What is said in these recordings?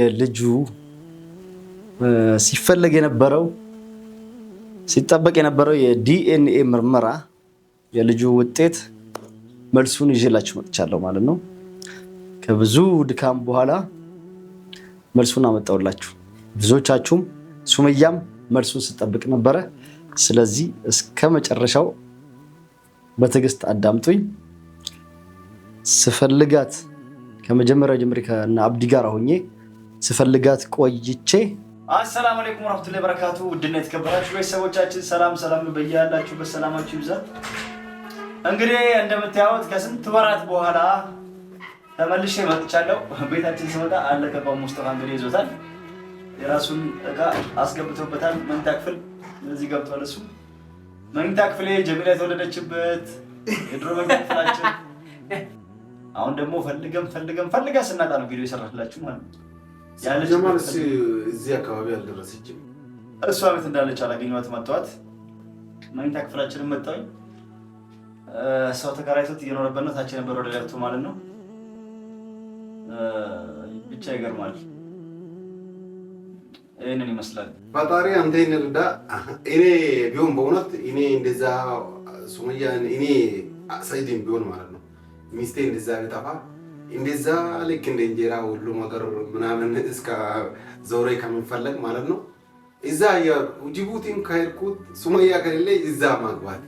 የልጁ ሲፈለግ የነበረው ሲጠበቅ የነበረው የዲኤንኤ ምርመራ የልጁ ውጤት መልሱን ይዤላችሁ መጥቻለሁ ማለት ነው። ከብዙ ድካም በኋላ መልሱን አመጣውላችሁ። ብዙዎቻችሁም ሱመያም መልሱን ስጠብቅ ነበረ። ስለዚህ እስከ መጨረሻው በትዕግስት አዳምጡኝ። ስፈልጋት ከመጀመሪያው ጀምሬ ከነ አብዲ ጋር ሆኜ ስፈልጋት ቆይቼ አሰላሙ አለይኩም ወራህመቱላሂ በረካቱ ውድና የተከበራችሁ ቤተሰቦቻችን ሰላም ሰላም በያላችሁ ሰላማችሁ ይብዛ። እንግዲህ እንደምታዩት ከስንት ወራት በኋላ ተመልሼ መጥቻለሁ። ቤታችን ስመጣ አለቀባ ሙስጠፋ እንግዲህ ይዞታል። የራሱን እቃ አስገብቶበታል። መኝታ ክፍል እዚህ ገብቷል። እሱ መኝታ ክፍሌ ጀሚላ የተወለደችበት የድሮ መኝታ ክፍላችን። አሁን ደግሞ ፈልገን ፈልገን ፈልጋ ስናጣ ነው ቪዲዮ የሰራላችሁ ማለት ነው ያለችማል እዚህ አካባቢ አልደረሰችም። እሷ ቤት እንዳለች አላገኘኋት። መጥተዋት መኝታ ክፍላችንን መጣሁኝ። ሰው ተከራይቶት እየኖረበት ነው። ታች ነበር ወደ ገብቶ ማለት ነው። ብቻ ይገርማል። ይህንን ይመስላል። ፈጣሪ አንተ ይህን እኔ ቢሆን በእውነት እኔ እንደዛ ሱመያ እኔ ሰኢድን ቢሆን ማለት ነው ሚስቴ እንደዛ ቢጠፋ እንደዛ ልክ እንደ እንጀራ ሁሉ ነገር ምናምን እስከ ዞሬ ከሚፈለግ ማለት ነው። እዛ ጅቡቲም ከሄድኩት ሱመያ ከሌለ እዛ ማግባት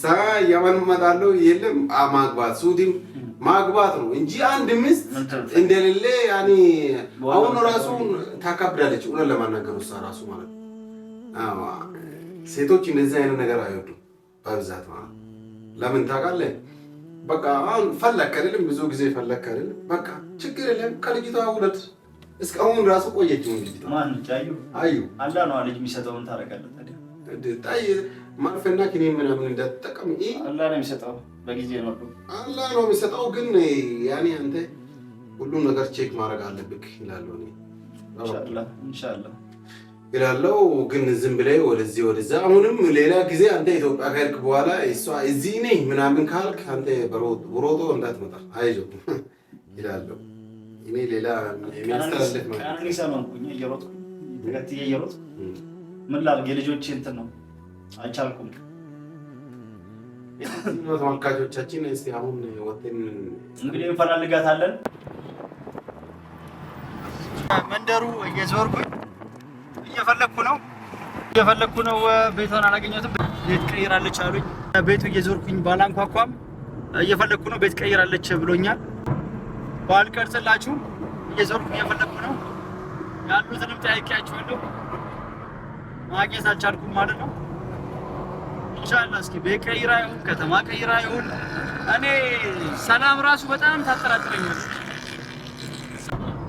ሳ የመን መጣለሁ የለም ማግባት ሱዲም ማግባት ነው እንጂ አንድ ሚስት እንደሌለ ያኔ አሁን ራሱ ታካብዳለች። ሆነ ለማናገር ውሳ ራሱ ማለት ሴቶች እንደዚህ አይነት ነገር አይወዱም በብዛት ማለት ለምን ታውቃለህ? በቃ አሁን ፈለክ አይደለም፣ ብዙ ጊዜ ፈለክ አይደለም። በቃ ችግር የለም ከልጅቷ ውለድ። እስካሁን ራሱ ቆየች ልጅቷ። አዩ አላ ነው ልጅ የሚሰጠውን ታደርጋለህ። ታዲያ ማርፈና ምናምን እንዳትጠቀም አላ ነው የሚሰጠው፣ በጊዜ ነው አላ ነው የሚሰጠው። ግን ያኔ አንተ ሁሉም ነገር ቼክ ማድረግ አለብህ ይላሉ። ኢንሻአላህ ኢንሻአላህ እላለሁ። ግን ዝም ብለህ ወደዚህ ወደዛ፣ አሁንም ሌላ ጊዜ አንተ ኢትዮጵያ ከሄድክ በኋላ እሷ እዚህ ነኝ ምናምን ካልክ አንተ በሮጦ እንዳትመጣ አይዞ ይላለው። እኔ ሌላ የሚያስተላልፍ ማለት ምን ላድርግ፣ የልጆች እንትን ነው አይቻልኩም። ተመልካቾቻችን እስቲ አሁን ወጥተን እንግዲህ እንፈላልጋታለን መንደሩ እየዞርኩኝ እየፈለግኩ ነው እየፈለግኩ ነው። ቤቷን አላገኘሁትም። ቤት ቀይራለች አሉኝ። ቤቱ እየዞርኩኝ ባላንኳኳም እየፈለግኩ ነው። ቤት ቀይራለች ብሎኛል። ባልቀርጽላችሁ እየዞርኩ እየፈለግኩ ነው። ያሉትንም ጠያቄያችኋለሁ። ማግኘት አልቻልኩም ማለት ነው። ኢንሻላ እስኪ ቤት ቀይራ ይሁን ከተማ ቀይራ ይሁን እኔ ሰላም ራሱ በጣም ታጠራጥረኛል።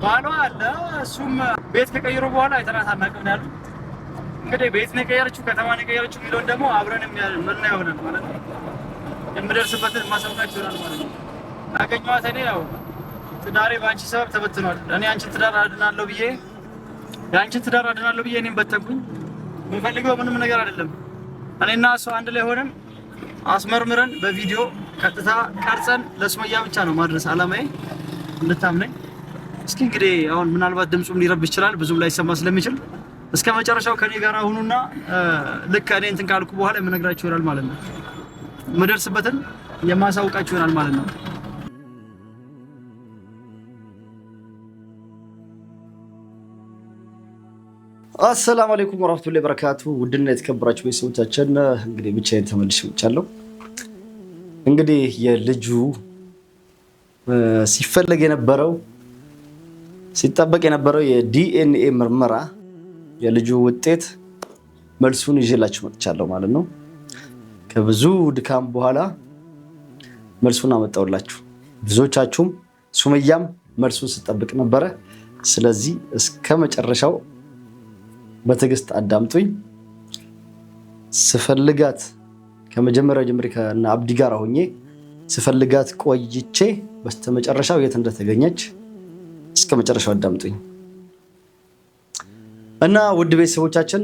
ባሏ አለ እሱም ቤት ከቀየሩ በኋላ አይተናት አናውቅም ነው ያሉት። እንግዲህ ቤት ነው የቀየረችው ከተማ ነው የቀየረችው የሚለውን ደግሞ አብረን ምና ይሆናል ማለት ነው። የምደርስበትን ማሳወቃችሁ ይሆናል ማለት ነው። ያገኘኋት እኔ ያው ትዳሬ በአንቺ ሰበብ ተበትኗል። እኔ አንቺን ትዳር አድናለሁ ብዬ የአንቺን ትዳር አድናለሁ ብዬ እኔም በተንኩኝ። ምንም ነገር አይደለም። እኔና እሱ አንድ ላይ ሆነን አስመርምረን በቪዲዮ ቀጥታ ቀርጸን ለሱመያ ብቻ ነው ማድረስ አላማዬ እንድታምነኝ እስኪ እንግዲህ አሁን ምናልባት ድምፁም ሊረብ ይችላል ብዙም ላይሰማ ስለሚችል እስከ መጨረሻው ከኔ ጋር አሁኑና ልክ እኔ እንትን ካልኩ በኋላ የምነግራችሁ ይሆናል ማለት ነው። የምደርስበትን የማሳውቃችሁ ይሆናል ማለት ነው። አሰላሙ አለይኩም ወራህመቱላሂ በረካቱ። ውድና የተከበራችሁ ቤተሰቦቻችን እንግዲህ ብቻዬን ተመልሼ መጥቻለሁ። እንግዲህ የልጁ ሲፈለግ የነበረው ሲጠበቅ የነበረው የዲኤንኤ ምርመራ የልጁ ውጤት መልሱን ይዤላችሁ መጥቻለሁ ማለት ነው። ከብዙ ድካም በኋላ መልሱን አመጣውላችሁ። ብዙዎቻችሁም ሱመያም መልሱን ስጠብቅ ነበረ። ስለዚህ እስከ መጨረሻው በትዕግስት አዳምጡኝ። ስፈልጋት ከመጀመሪያው ጀምሬ ከነ አብዲ ጋር ሆኜ ስፈልጋት ቆይቼ በስተመጨረሻው የት እንደተገኘች እስከ መጨረሻው አዳምጡኝ እና ውድ ቤተሰቦቻችን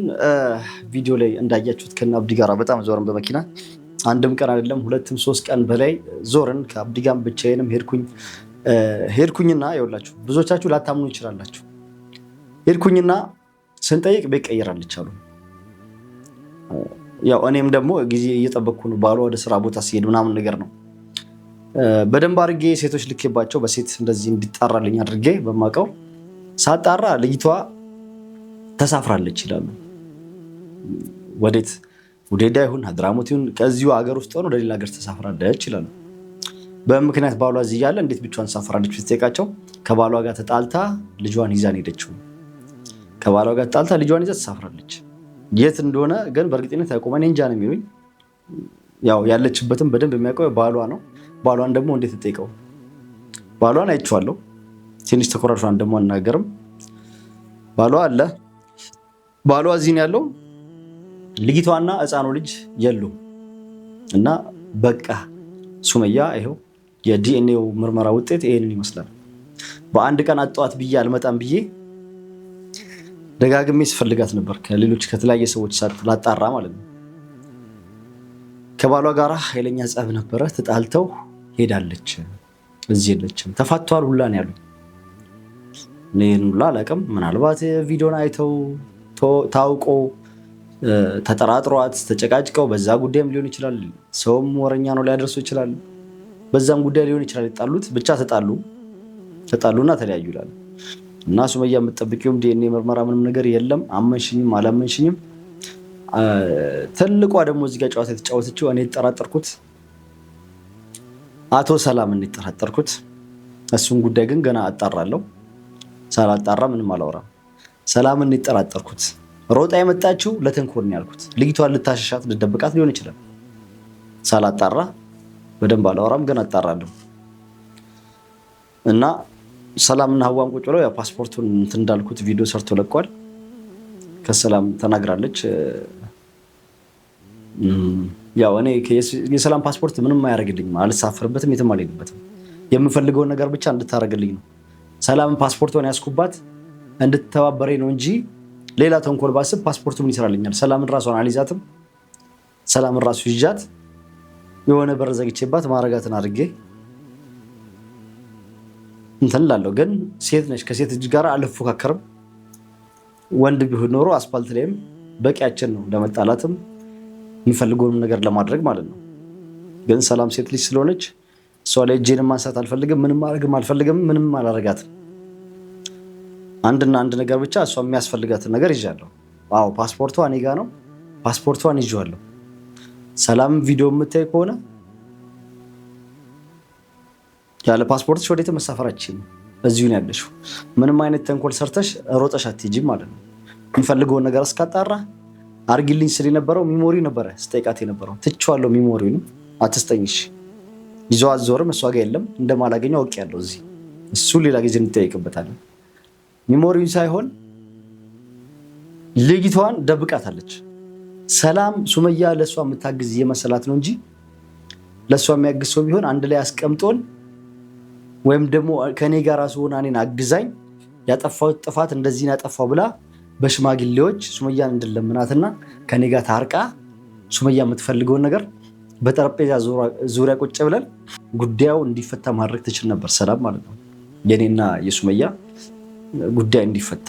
ቪዲዮ ላይ እንዳያችሁት ከነ አብዲ ጋር በጣም ዞርን በመኪና አንድም ቀን አይደለም ሁለትም ሶስት ቀን በላይ ዞርን። ከአብዲ ጋር ብቻዬንም ሄድኩኝ ሄድኩኝና ይኸውላችሁ ብዙዎቻችሁ ላታምኑ ይችላላችሁ። ሄድኩኝና ስንጠይቅ ቤት ቀይራለች አሉ። ያው እኔም ደግሞ ጊዜ እየጠበቅኩ ነው ባሉ ወደ ስራ ቦታ ሲሄድ ምናምን ነገር ነው በደንብ አድርጌ ሴቶች ልኬባቸው በሴት እንደዚህ እንዲጣራልኝ አድርጌ በማቀው ሳጣራ ልጅቷ ተሳፍራለች ይላሉ። ወዴት ውዴዳ ይሁን ሀድራሞት ይሁን ከዚሁ ሀገር ውስጥ ሆኖ ወደሌላ ሀገር ተሳፍራለች ይላሉ። በምክንያት ባሏ እዚህ እያለ እንዴት ብቻዋን ተሳፍራለች ብትጠይቃቸው ከባሏ ጋር ተጣልታ ልጇን ይዛን ሄደችው። ከባሏ ጋር ተጣልታ ልጇን ይዛ ተሳፍራለች። የት እንደሆነ ግን በእርግጠኝነት አይቆመን እንጃ ነው የሚሉኝ። ያው ያለችበትም በደንብ የሚያውቀው ባሏ ነው። ባሏን ደግሞ እንዴት ትጠይቀው? ባሏን አይቼዋለሁ። ትንሽ ተኮራሿን ደግሞ አናገርም። ባሏ አለ። ባሏ እዚህ ነው ያለው። ልጅቷና ህፃኑ ልጅ የሉ እና በቃ ሱመያ ይኸው የዲኤንኤው ምርመራ ውጤት ይሄንን ይመስላል። በአንድ ቀን አጠዋት ብዬ አልመጣም ብዬ ደጋግሜ ስፈልጋት ነበር። ከሌሎች ከተለያየ ሰዎች ላጣራ ማለት ነው። ከባሏ ጋራ ኃይለኛ ጸብ ነበረ። ተጣልተው ሄዳለች፣ እዚህ የለችም፣ ተፋቷል ሁላ ነው ያሉኝ። ይህን ሁላ አላውቅም። ምናልባት ቪዲዮን አይተው ታውቆ ተጠራጥሯት ተጨቃጭቀው በዛ ጉዳይም ሊሆን ይችላል። ሰውም ወረኛ ነው ሊያደርሱ ይችላል። በዛም ጉዳይ ሊሆን ይችላል የጣሉት። ብቻ ተጣሉ ተጣሉና ተለያዩ ይላል እና ሱመያ የምትጠብቂውም ዲኤንኤ ምርመራ ምንም ነገር የለም። አመንሽኝም አላመንሽኝም። ትልቋ ደግሞ እዚጋ ጨዋታ የተጫወተችው እኔ የተጠራጠርኩት አቶ ሰላምን የጠረጠርኩት እሱን ጉዳይ ግን ገና አጣራለሁ። ሳላጣራ ምንም አላወራም። ሰላምን የጠራጠርኩት ሮጣ የመጣችው ለተንኮል ያልኩት። ልጅቷን ልታሸሻት ልደብቃት ሊሆን ይችላል። ሳላጣራ በደንብ አላወራም፣ ገና አጣራለሁ እና ሰላምና ሀዋም ቁጭ ብለው ፓስፖርቱን እንትን እንዳልኩት ቪዲዮ ሰርቶ ለቋል። ከሰላም ተናግራለች ያው እኔ የሰላም ፓስፖርት ምንም አያደርግልኝም፣ አልሳፈርበትም፣ የትም አልሄድበትም። የምፈልገውን ነገር ብቻ እንድታደርግልኝ ነው። ሰላምን ፓስፖርቷን ያስኩባት እንድትተባበረኝ ነው እንጂ ሌላ ተንኮል ባስብ ፓስፖርቱ ምን ይሰራልኛል? ሰላምን ራሷን አልይዛትም። ሰላምን ራሱ ይዣት የሆነ በር ዘግቼባት ማረጋትን አድርጌ እንትን ላለው ግን ሴት ነች፣ ከሴት እጅ ጋር አልፎካከርም። ወንድ ቢሆን ኖሮ አስፓልት ላይም በቂያችን ነው ለመጣላትም የሚፈልገውንም ነገር ለማድረግ ማለት ነው። ግን ሰላም ሴት ልጅ ስለሆነች እሷ ላይ እጄንም ማንሳት አልፈልግም፣ ምንም ማድረግም አልፈልግም፣ ምንም አላረጋትም። አንድና አንድ ነገር ብቻ እሷ የሚያስፈልጋትን ነገር ይዣለሁ። አዎ ፓስፖርቷ እኔ ጋ ነው። ፓስፖርቷን ይዤዋለሁ። ሰላም ቪዲዮ የምታይ ከሆነ ያለ ፓስፖርትሽ ወዴት መሳፈራችን እዚሁን ያለሽው። ምንም አይነት ተንኮል ሰርተሽ ሮጠሽ አትሄጂም ማለት ነው። የሚፈልገውን ነገር እስካጣራ አርግልኝ ስል የነበረው ሚሞሪ ነበረ ስጠይቃት የነበረው ትቼዋለሁ። ሚሞሪውንም አትስጠኝሽ ይዞ አዞርም እሷ የለም የለም እንደማላገኘው ያለው እዚህ እሱ ሌላ ጊዜ እንጠይቅበታለን። ሚሞሪውን ሳይሆን ልጅቷን ደብቃታለች። ሰላም ሱመያ ለእሷ የምታግዝ የመሰላት ነው እንጂ ለእሷ የሚያግዝ ሰው ቢሆን አንድ ላይ አስቀምጦን ወይም ደግሞ ከእኔ ጋር ራሱ ሆና እኔን አግዛኝ ያጠፋው ጥፋት እንደዚህ ያጠፋው ብላ በሽማግሌዎች ሱመያን እንድለምናትና ከኔ ጋር ታርቃ ሱመያ የምትፈልገውን ነገር በጠረጴዛ ዙሪያ ቁጭ ብለን ጉዳዩ እንዲፈታ ማድረግ ትችል ነበር። ሰላም ማለት ነው የኔና የሱመያ ጉዳይ እንዲፈታ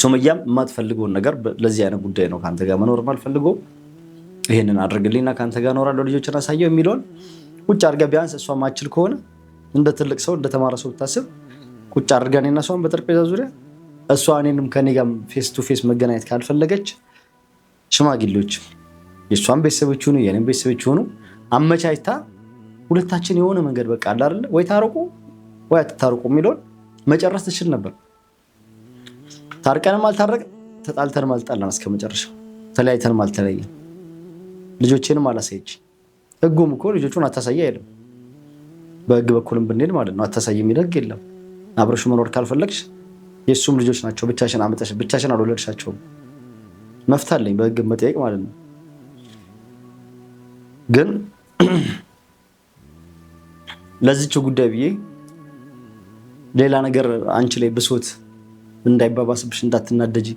ሱመያም የማትፈልገውን ነገር ለዚህ አይነት ጉዳይ ነው ከአንተ ጋር መኖር የማልፈልገው ይህንን አድርግልኝና ከአንተ ጋር እኖራለሁ ልጆችን አሳየው የሚለውን ቁጭ አድርጋ ቢያንስ እሷ ማችል ከሆነ እንደ ትልቅ ሰው እንደተማረ ሰው ብታስብ ቁጭ አድርጋ እኔና እሷን በጠረጴዛ ዙሪያ እሷ እኔንም ከኔ ጋር ፌስ ቱ ፌስ መገናኘት ካልፈለገች ሽማግሌዎች የእሷን ቤተሰቦች ሆኑ የኔም ቤተሰቦች ሆኑ አመቻችታ ሁለታችን የሆነ መንገድ በቃ አለ አይደለ ወይ ታርቁ ወይ አትታርቁ የሚለውን መጨረስ ትችል ነበር። ታርቀንም አልታረቅ ተጣልተንም አልጣላን እስከ መጨረሻ ተለያይተንም አልተለያየን። ልጆቼንም አላሳየች። ህጉም እኮ ልጆቹን አታሳይ አይልም። በህግ በኩልም ብንሄድ ማለት ነው አታሳይ የሚል ህግ የለም። አብረሹ መኖር ካልፈለግሽ የእሱም ልጆች ናቸው። ብቻሽን አመጠሽ ብቻሽን አልወለድሻቸውም። መፍት አለኝ በህግ መጠየቅ ማለት ነው። ግን ለዚችው ጉዳይ ብዬ ሌላ ነገር አንቺ ላይ ብሶት እንዳይባባስብሽ እንዳትናደጂ፣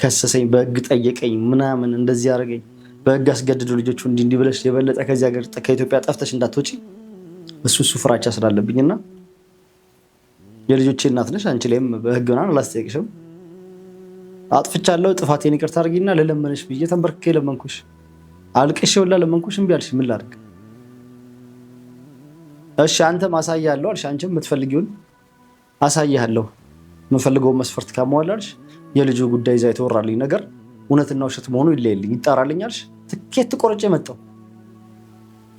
ከሰሰኝ፣ በህግ ጠየቀኝ፣ ምናምን እንደዚህ ያደረገኝ በህግ አስገድዱ ልጆቹ እንዲህ እንዲህ ብለሽ የበለጠ ከዚህ ሀገር ከኢትዮጵያ ጠፍተሽ እንዳትወጪ እሱ እሱ ፍራቻ ስላለብኝ እና የልጆቼ እናት ነሽ። አንቺ ላይም በህግ ምናምን አላስጠየቅሽም። አጥፍቻለሁ፣ ጥፋቴን ይቅርታ አድርጊና ልለመንሽ ብዬ ተንበርክኬ ለመንኩሽ። አልቅሽ ሁላ ለመንኩሽ፣ እምቢ አልሽ። ምን ላድርግ? እሺ አንተ ማሳያ አለው አልሽ። አንቺም የምትፈልጊውን አሳያለሁ፣ የምፈልገውን መስፈርት ካሟላልሽ የልጁ ጉዳይ እዛ የተወራልኝ ነገር እውነትና ውሸት መሆኑ ይለየልኝ፣ ይጣራልኝ አልሽ። ትኬት ቆርጬ መጣሁ።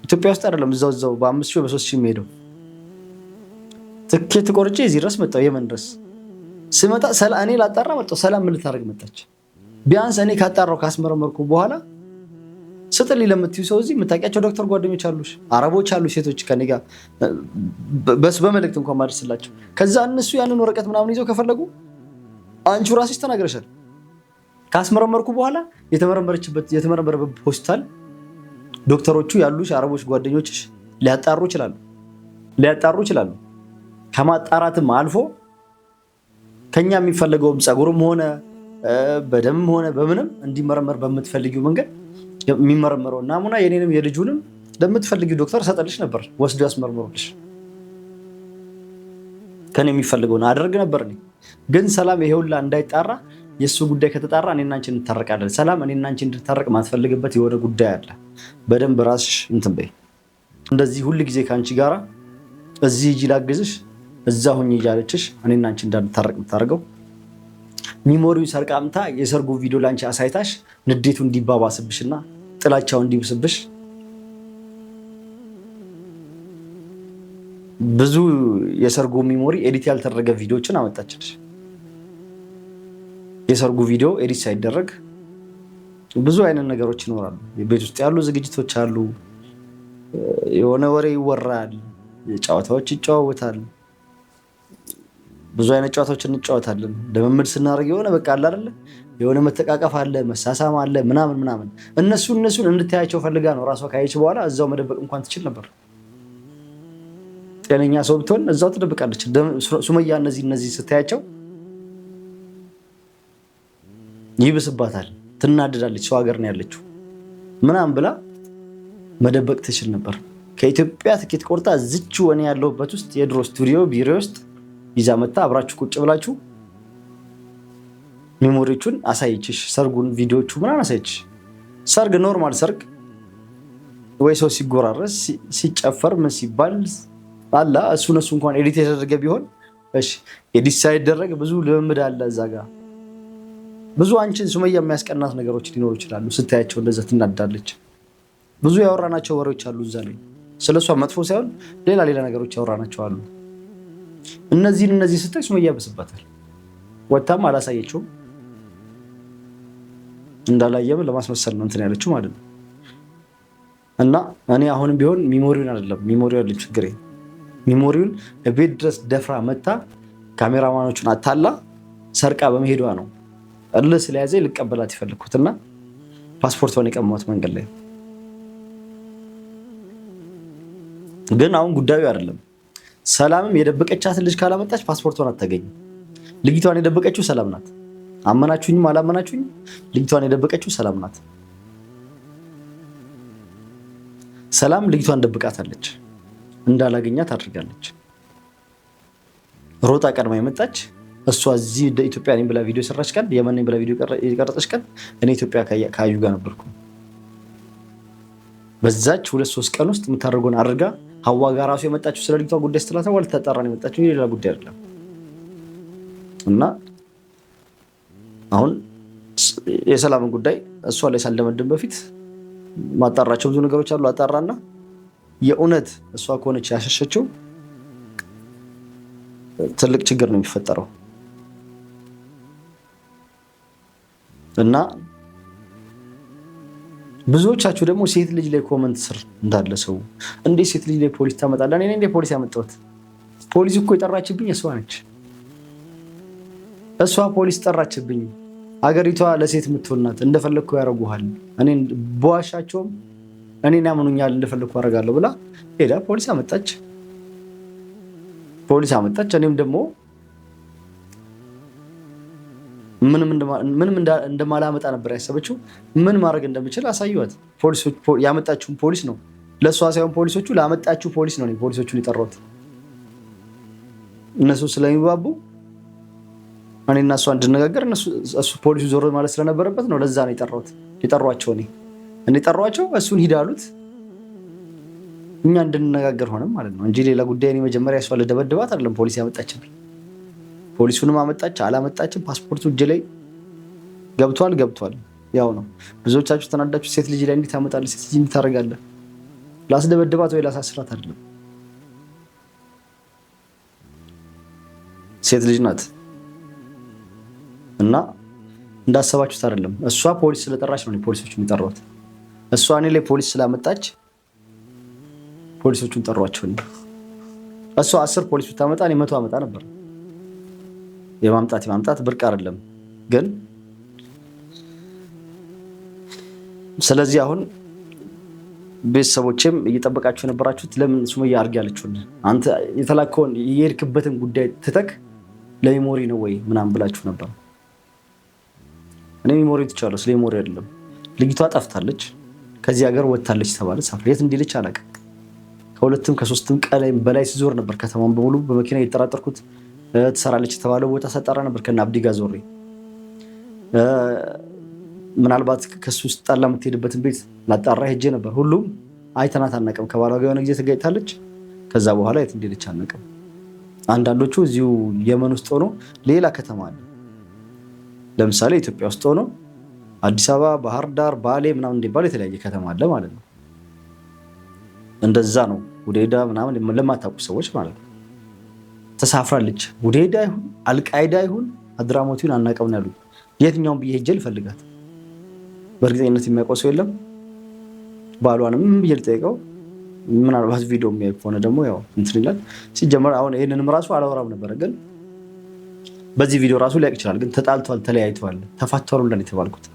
ኢትዮጵያ ውስጥ አይደለም እዛው እዛው በአምስት ሺህ በሶስት ሺህ የሚሄደው ትኬት ቆርጬ እዚህ ድረስ መጣሁ፣ የመን ድረስ ስመጣ እኔ ላጣራ መጣሁ። ሰላም ምን ልታደርግ መጣች? ቢያንስ እኔ ካጣራው ካስመረመርኩ በኋላ ስጥልኝ ለምትዩ ሰው እዚህ የምታውቂያቸው ዶክተር ጓደኞች አሉሽ፣ አረቦች አሉ፣ ሴቶች ከኔ ጋር በመልእክት እንኳን ማድረስላቸው። ከዛ እነሱ ያንን ወረቀት ምናምን ይዘው ከፈለጉ አንቺ ራስሽ ተናግረሻል። ካስመረመርኩ በኋላ የተመረመረበት ሆስፒታል ዶክተሮቹ ያሉሽ አረቦች ጓደኞችሽ ሊያጣሩ ይችላሉ ሊያጣሩ ይችላሉ። ከማጣራትም አልፎ ከኛ የሚፈለገውም ፀጉርም ሆነ በደምም ሆነ በምንም እንዲመረመር በምትፈልጊው መንገድ የሚመረመረው ናሙና የኔንም የልጁንም ለምትፈልጊው ዶክተር ሰጠልሽ ነበር። ወስዶ ያስመርምሮልሽ ከኔ የሚፈልገውን አደርግ ነበር። ግን ሰላም ይሄውላ እንዳይጣራ የእሱ ጉዳይ ከተጣራ እኔና አንቺ እንታረቃለን። ሰላም እኔና አንቺ እንድታረቅ ማትፈልግበት የሆነ ጉዳይ አለ። በደንብ ራስሽ እንትን በይ። እንደዚህ ሁል ጊዜ ከአንቺ ጋራ እዚህ እጅ ላግዝሽ እዛ ሁኝ እያለችሽ እኔና አንቺ እንዳንታረቅ የምታደርገው ሚሞሪውን ሰርቃምታ የሰርጉ ቪዲዮ ላንቺ አሳይታሽ ንዴቱ እንዲባባስብሽ እና ጥላቻው እንዲብስብሽ ብዙ የሰርጉ ሚሞሪ ኤዲት ያልተደረገ ቪዲዮችን አመጣችልሽ። የሰርጉ ቪዲዮ ኤዲት ሳይደረግ ብዙ አይነት ነገሮች ይኖራሉ። ቤት ውስጥ ያሉ ዝግጅቶች አሉ። የሆነ ወሬ ይወራል፣ ጨዋታዎች ይጨዋወታል። ብዙ አይነት ጨዋታዎች እንጫወታለን። ልምምድ ስናደርግ የሆነ በቃ አለ አይደለ የሆነ መተቃቀፍ አለ፣ መሳሳም አለ ምናምን ምናምን። እነሱ እነሱን እንድታያቸው ፈልጋ ነው። ራሷ ካየች በኋላ እዛው መደበቅ እንኳን ትችል ነበር። ጤነኛ ሰው ብትሆን እዛው ትደብቃለች። ሱመያ እነዚህ እነዚህ ስታያቸው ይብስባታል፣ ትናደዳለች። ሰው ሀገር ነው ያለችው ምናምን ብላ መደበቅ ትችል ነበር። ከኢትዮጵያ ትኬት ቆርጣ ዝች ወኔ ያለሁበት ውስጥ የድሮ ስቱዲዮ ቢሮ ውስጥ ይዛ መታ አብራችሁ ቁጭ ብላችሁ ሜሞሪዎቹን አሳይችሽ፣ ሰርጉን ቪዲዮቹ ምናምን አሳይችሽ። ሰርግ ኖርማል ሰርግ ወይ ሰው ሲጎራረስ ሲጨፈር ምን ሲባል አላ እሱ ነሱ እንኳን ኤዲት የተደረገ ቢሆን ኤዲት ሳይደረግ ብዙ ልምምድ አለ እዛ ጋ ብዙ አንቺን ሱመያ የሚያስቀናት ነገሮች ሊኖሩ ይችላሉ። ስታያቸው እንደዛ ትናዳለች። ብዙ ያወራናቸው ወሬዎች አሉ እዛ ላይ ስለሷ መጥፎ ሳይሆን ሌላ ሌላ ነገሮች ያወራናቸው አሉ። እነዚህን እነዚህ ስታይ ሱመያ ያበስባታል። ወታም አላሳየችውም እንዳላየም ለማስመሰል ነው እንትን ያለችው ማለት ነው። እና እኔ አሁንም ቢሆን ሚሞሪውን አይደለም ሚሞሪው አይደለም ችግር ሚሞሪውን ቤት ድረስ ደፍራ መታ ካሜራማኖቹን አታላ ሰርቃ በመሄዷ ነው እልህ ስለያዘ ልቀበላት የፈለግኩት እና ፓስፖርቷን የቀማት መንገድ ላይ ግን አሁን ጉዳዩ አይደለም ሰላምም የደበቀቻትን ልጅ ካላመጣች ፓስፖርቷን አታገኝም። ልጅቷን የደበቀችው ሰላም ናት። አመናችሁኝም አላመናችሁኝ፣ ልጅቷን የደበቀችው ሰላም ናት። ሰላም ልጅቷን ደብቃታለች፣ እንዳላገኛት አድርጋለች። ሮጣ ቀድማ የመጣች እሷ እዚህ ኢትዮጵያ ነኝ ብላ ቪዲዮ የሰራች ቀን፣ የመን ነኝ ብላ ቪዲዮ የቀረጸች ቀን እኔ ኢትዮጵያ ከአዩ ጋር ነበርኩ። በዛች ሁለት ሶስት ቀን ውስጥ የምታደርገውን አድርጋ ሀዋ ጋር ራሱ የመጣችው ስለ ልጅቷ ጉዳይ ስትላት ወል ተጠራን ነው የመጣችው፣ የሌላ ጉዳይ አይደለም። እና አሁን የሰላምን ጉዳይ እሷ ላይ ሳልደመድም በፊት ማጣራቸው ብዙ ነገሮች አሉ። አጣራና የእውነት እሷ ከሆነች ያሸሸችው ትልቅ ችግር ነው የሚፈጠረው እና ብዙዎቻችሁ ደግሞ ሴት ልጅ ላይ ኮመንት ስር እንዳለ ሰው እንዴት ሴት ልጅ ላይ ፖሊስ ታመጣለን? እኔ እንደ ፖሊስ ያመጣሁት ፖሊስ እኮ የጠራችብኝ እሷ ነች። እሷ ፖሊስ ጠራችብኝ። አገሪቷ ለሴት የምትሆናት እንደፈለግኩ ያደርጉሃል፣ እኔ በዋሻቸውም እኔን ያምኑኛል፣ እንደፈለግኩ አደርጋለሁ ብላ ሄዳ ፖሊስ አመጣች። ፖሊስ አመጣች። እኔም ደግሞ ምንም እንደማላመጣ ነበር ያሰበችው። ምን ማድረግ እንደምችል አሳየኋት። ያመጣችውን ፖሊስ ነው ለእሷ ሳይሆን ፖሊሶቹ ላመጣችው ፖሊስ ነው ፖሊሶቹን የጠራሁት። እነሱ ስለሚባቡ እኔ እና እሷ እንድነጋገር ፖሊሱ ዞሮ ማለት ስለነበረበት ነው። ለዛ ነው የጠራሁት። የጠሯቸው እኔ እኔ ጠሯቸው። እሱን ሂድ አሉት። እኛ እንድንነጋገር ሆነም ማለት ነው እንጂ ሌላ ጉዳይ እኔ መጀመሪያ እሷ ልደበድባት አይደለም ፖሊስ ያመጣችብኝ። ፖሊሱንም አመጣች አላመጣችም፣ ፓስፖርቱ እጅ ላይ ገብቷል ገብቷል። ያው ነው። ብዙዎቻችሁ ተናዳችሁ ሴት ልጅ ላይ እንዴት ታመጣለህ፣ ሴት ልጅ እንዴት ታደርጋለህ። ላስደበድባት ወይ ላሳስራት አይደለም፣ ሴት ልጅ ናት እና እንዳሰባችሁት አይደለም። እሷ ፖሊስ ስለጠራች ነው ፖሊሶች የሚጠሯት። እሷ እኔ ላይ ፖሊስ ስላመጣች ፖሊሶቹን ጠሯቸው። እሷ አስር ፖሊስ ብታመጣ እኔ መቶ አመጣ ነበር። የማምጣት የማምጣት ብርቅ አይደለም። ግን ስለዚህ አሁን ቤተሰቦችም እየጠበቃችሁ የነበራችሁት ለምን ሱመያ አድርግ ያለችውን አንተ የተላከውን የሄድክበትን ጉዳይ ትተክ ለሜሞሪ ነው ወይ ምናምን ብላችሁ ነበር። እኔ ሜሞሪ ትቻለሁ፣ ስለ ሜሞሪ አይደለም። ልጅቷ ጠፍታለች፣ ከዚህ ሀገር ወታለች ተባለ። ሰፈር የት እንዲለች አላውቅም። ከሁለትም ከሶስትም ቀላይም በላይ ሲዞር ነበር ከተማን በሙሉ በመኪና እየተጠራጠርኩት ትሰራለች የተባለው ቦታ ሰጠራ ነበር ከነ አብዲ ዞሬ ምናልባት ከሱ ውስጥ ጠላ የምትሄድበትን ቤት ላጣራ ሄጄ ነበር። ሁሉም አይተናት አናውቅም። ከባሏ ጋር የሆነ ጊዜ ትገኝታለች። ከዛ በኋላ የት እንደሄደች አናውቅም። አንዳንዶቹ እዚሁ የመን ውስጥ ሆኖ ሌላ ከተማ አለ። ለምሳሌ ኢትዮጵያ ውስጥ ሆኖ አዲስ አበባ፣ ባህር ዳር፣ ባሌ ምናምን እንዲባል የተለያየ ከተማ አለ ማለት ነው። እንደዛ ነው ወደ ሄዳ ምናምን ለማታውቁ ሰዎች ማለት ነው። ተሳፍራለች። ውዴዳ ይሁን አልቃይዳ ይሁን አድራሞቲውን አናቀምን ያሉ የትኛውን ብዬ ሄጄ ልፈልጋት? በእርግጠኝነት የሚያውቀው ሰው የለም። ባሏንም ብዬ ልጠይቀው፣ ምናልባት ቪዲዮ የሚያይ ከሆነ ደግሞ ያው እንትን ይላል። ሲጀመር አሁን ይህንንም ራሱ አላወራም ነበረ፣ ግን በዚህ ቪዲዮ ራሱ ሊያውቅ ይችላል። ግን ተጣልተዋል፣ ተለያይተዋል፣ ተፋተዋል ብለን የተባልኩት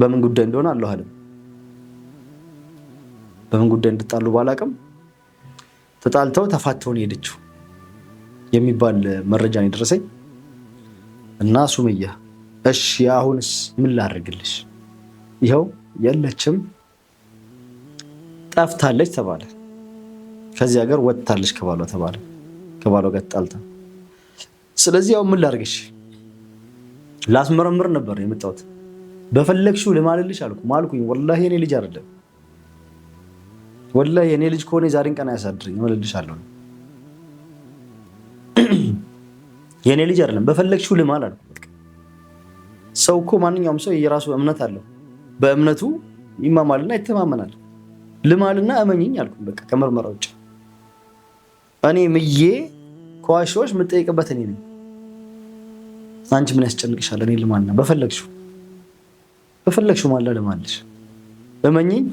በምን ጉዳይ እንደሆነ አለሁ በምን ጉዳይ እንድጣሉ ባላቅም ተጣልተው ተፋተውን ሄደችው። የሚባል መረጃ ነው የደረሰኝ። እና ሱምያ እሺ አሁንስ ምን ላደርግልሽ? ይኸው የለችም ጠፍታለች ተባለ። ከዚህ ሀገር ወጥታለች ከባሏ ተባለ፣ ከባሏ ጋር ተጣልታ። ስለዚህ ያው ምን ላደርግሽ ላስመረምር ነበር የመጣሁት። በፈለግሽው ልማልልሽ አልኩ ማልኩኝ። ወላሂ የኔ ልጅ አይደለም፣ ወላሂ የኔ ልጅ ከሆነ የዛሬን ቀን አያሳድርኝ እምልልሻለሁ። የእኔ ልጅ አይደለም በፈለግሽው ልማል አልኩ። ሰው እኮ ማንኛውም ሰው የራሱ እምነት አለው። በእምነቱ ይማማልና ይተማመናል። ልማልና እመኝኝ አልኩ። በቃ ከምርመራ ውጭ እኔ ምዬ ከዋሻዎች የምጠይቅበት እኔ ነኝ። አንቺ ምን ያስጨንቅሻል? እኔ ልማልና በፈለግሽው በፈለግሽው ማላ ልማልሽ፣ እመኝኝ።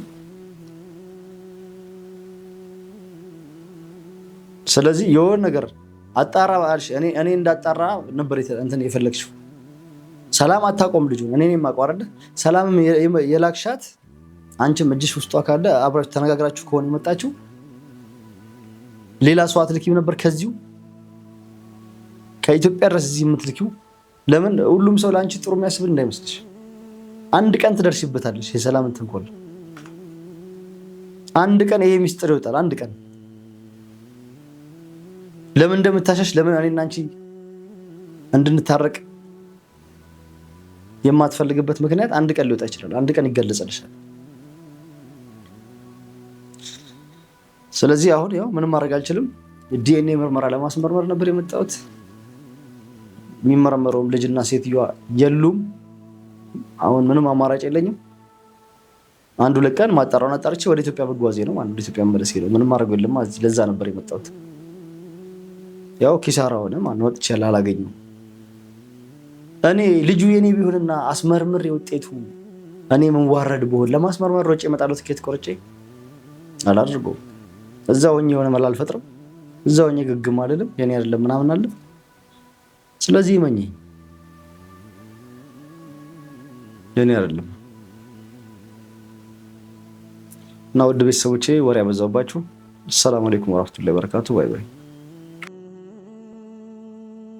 ስለዚህ የሆነ ነገር አጣራ አልሽ። እኔ እኔ እንዳጣራ ነበር እንትን የፈለግሽው። ሰላም አታቆም ልጁ እኔ እኔ ማቋረድ ሰላምም የላክሻት አንቺም እጅሽ ውስጧ ካለ አብራችሁ ተነጋግራችሁ ከሆነ የመጣችው ሌላ ሰዋት አትልኪም ነበር ከዚሁ ከኢትዮጵያ ድረስ እዚህ የምትልኪው ለምን? ሁሉም ሰው ለአንቺ ጥሩ የሚያስብል እንዳይመስልሽ። አንድ ቀን ትደርሽበታለሽ። የሰላምን ተንኮል አንድ ቀን ይሄ ሚስጥር ይወጣል። አንድ ቀን ለምን እንደምታሸሽ ለምን እኔና አንቺ እንድንታረቅ የማትፈልግበት ምክንያት አንድ ቀን ሊወጣ ይችላል፣ አንድ ቀን ይገለጽልሻል። ስለዚህ አሁን ያው ምንም ማድረግ አልችልም። ዲኤንኤ ምርመራ ለማስመርመር ነበር የመጣሁት። የሚመረመረውም ልጅና ሴትዮዋ የሉም። አሁን ምንም አማራጭ የለኝም። አንድ ሁለት ቀን ማጣራውን አጣርቼ ወደ ኢትዮጵያ መጓዜ ነው፣ ወደ ኢትዮጵያ መመለሴ ነው። ምንም ማድረግ የለም። ለዛ ነበር የመጣሁት። ያው ኪሳራ ሆነ። ማን ወጥ ይችላል አላገኘሁም። እኔ ልጁ የኔ ቢሆንና አስመርምር የውጤቱ እኔ የምዋረድ ብሆን ለማስመርመር ሮጬ እመጣለሁ። ትኬት ቆርጬ አላድርገውም። እዛ ሆኜ የሆነ መላ አልፈጥርም። እዛ ሆኜ ግግም አልልም። የኔ አይደለም ምናምን አለ። ስለዚህ መኝ የኔ አይደለም እና ውድ ቤተሰቦቼ ወሬ ያበዛባችሁ። አሰላሙ አለይኩም ወራህመቱላሂ ወበረካቱ። ባይ ባይ።